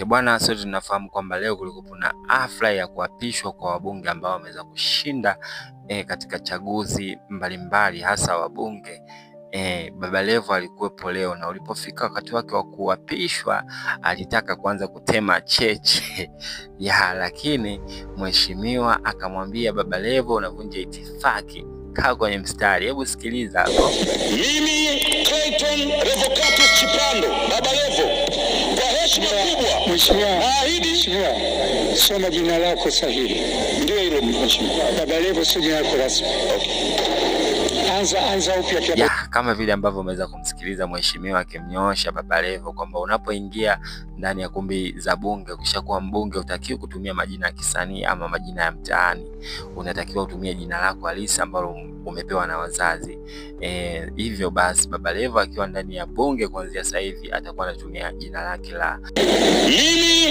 yake bwana, sote tunafahamu kwamba leo kulikuwa na hafla ya kuapishwa kwa wabunge ambao wameweza kushinda e, katika chaguzi mbalimbali hasa wabunge. E, Baba Levo alikuwepo leo na ulipofika wakati wake wa kuapishwa alitaka kuanza kutema cheche ya, lakini mheshimiwa akamwambia Baba Levo, unavunja itifaki, kaa kwenye mstari, hebu sikiliza hapo. Mimi Clayton Revocatus Chipando Baba Levo heshima kubwa. Mheshimiwa, ahidi soma jina lako sahihi. Ndio hilo Mheshimiwa. Baba Levo sio jina lako rasmi. Okay anza, anza upya Ya, kama vile ambavyo umeweza kumsikiliza mheshimiwa akimnyoosha Baba Levo kwamba unapoingia ndani ya kumbi za bunge, ukishakuwa mbunge utakiwa kutumia majina ya kisanii ama majina ya mtaani, unatakiwa utumie jina lako halisi ambalo umepewa na wazazi e, hivyo basi Baba Levo akiwa ndani ya bunge kuanzia sasa hivi atakuwa anatumia jina lake la mimi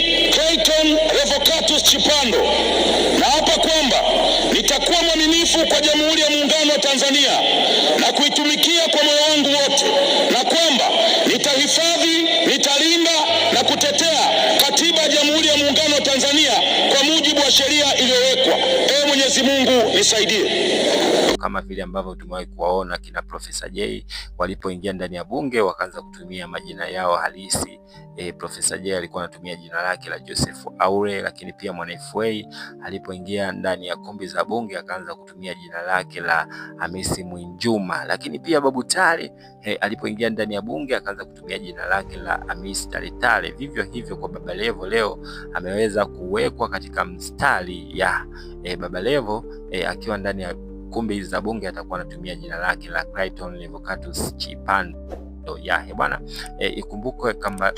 uaminifu kwa Jamhuri ya Muungano wa Tanzania na kuitumikia kwa moyo wangu wote, na kwamba nitahifadhi iliyowekwa. Ee Mwenyezi Mungu nisaidie. Kama vile ambavyo tumewahi kuwaona kina Profesa J walipoingia ndani ya bunge wakaanza kutumia majina yao halisi. E, Profesa J alikuwa anatumia jina lake la Joseph Aure, lakini pia Mwana alipoingia ndani ya kumbi za bunge akaanza kutumia jina lake la Hamisi Mwinjuma, lakini pia Babu Tale e, alipoingia ndani ya bunge akaanza kutumia jina lake la Hamisi Tale Vivyo hivyo kwa Baba Levo leo ameweza kuwekwa katika mstari ya e, Baba Levo e, akiwa ndani ya kumbi hizi za Bunge atakuwa anatumia jina lake la Clayton Levocatus Chipando mapato yake bwana. E, ikumbukwe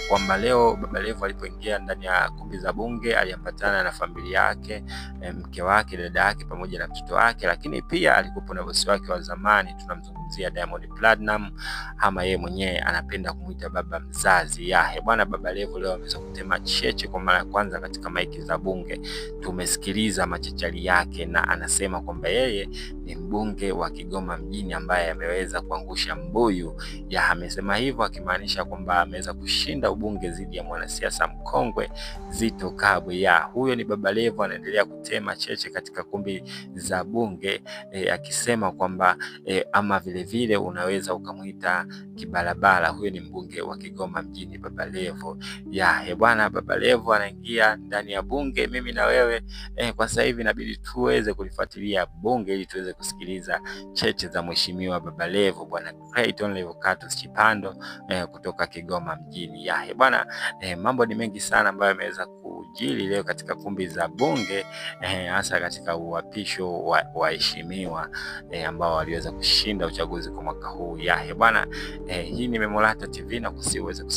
kwamba leo Baba Levo alipoingia ndani ya kumbi za Bunge aliambatana na familia yake, e, mke wake, dada yake pamoja na mtoto wake, lakini pia alikuwa na bosi wake wa zamani, tunamzungumzia Diamond Platinum, ama yeye mwenyewe anapenda kumuita baba mzazi yahe bwana. Baba Levo leo ameweza kutema cheche kwa mara ya kwanza katika maiki za Bunge. Tumesikiliza machachari yake na anasema kwamba yeye ni mbunge wa Kigoma mjini ambaye ameweza kuangusha mbuyu ya amesema Amesema hivyo akimaanisha kwamba ameweza kushinda ubunge dhidi ya mwanasiasa mkongwe Zitto Kabwe. Huyo ni Baba Levo anaendelea kutema cheche katika kumbi za bunge e, akisema kwamba e, ama vile unaweza ukamwita kibarabara. Huyo ni mbunge wa Kigoma mjini Baba Levo. Ya bwana, Baba Levo anaingia ndani ya bunge. Mimi na wewe e, kwa sasa hivi inabidi tuweze kulifuatilia bunge ili tuweze kusikiliza cheche za mheshimiwa Baba Levo, bwana Clayton Levocatus Chipande. Orlando eh, kutoka Kigoma mjini. Yahe bwana eh, mambo ni mengi sana ambayo yameweza kujili leo katika kumbi za Bunge eh, hasa eh, katika uapisho wa waheshimiwa eh, ambao waliweza kushinda uchaguzi kwa mwaka huu. Yahe bwana eh, hii ni Memorata TV na kusiweze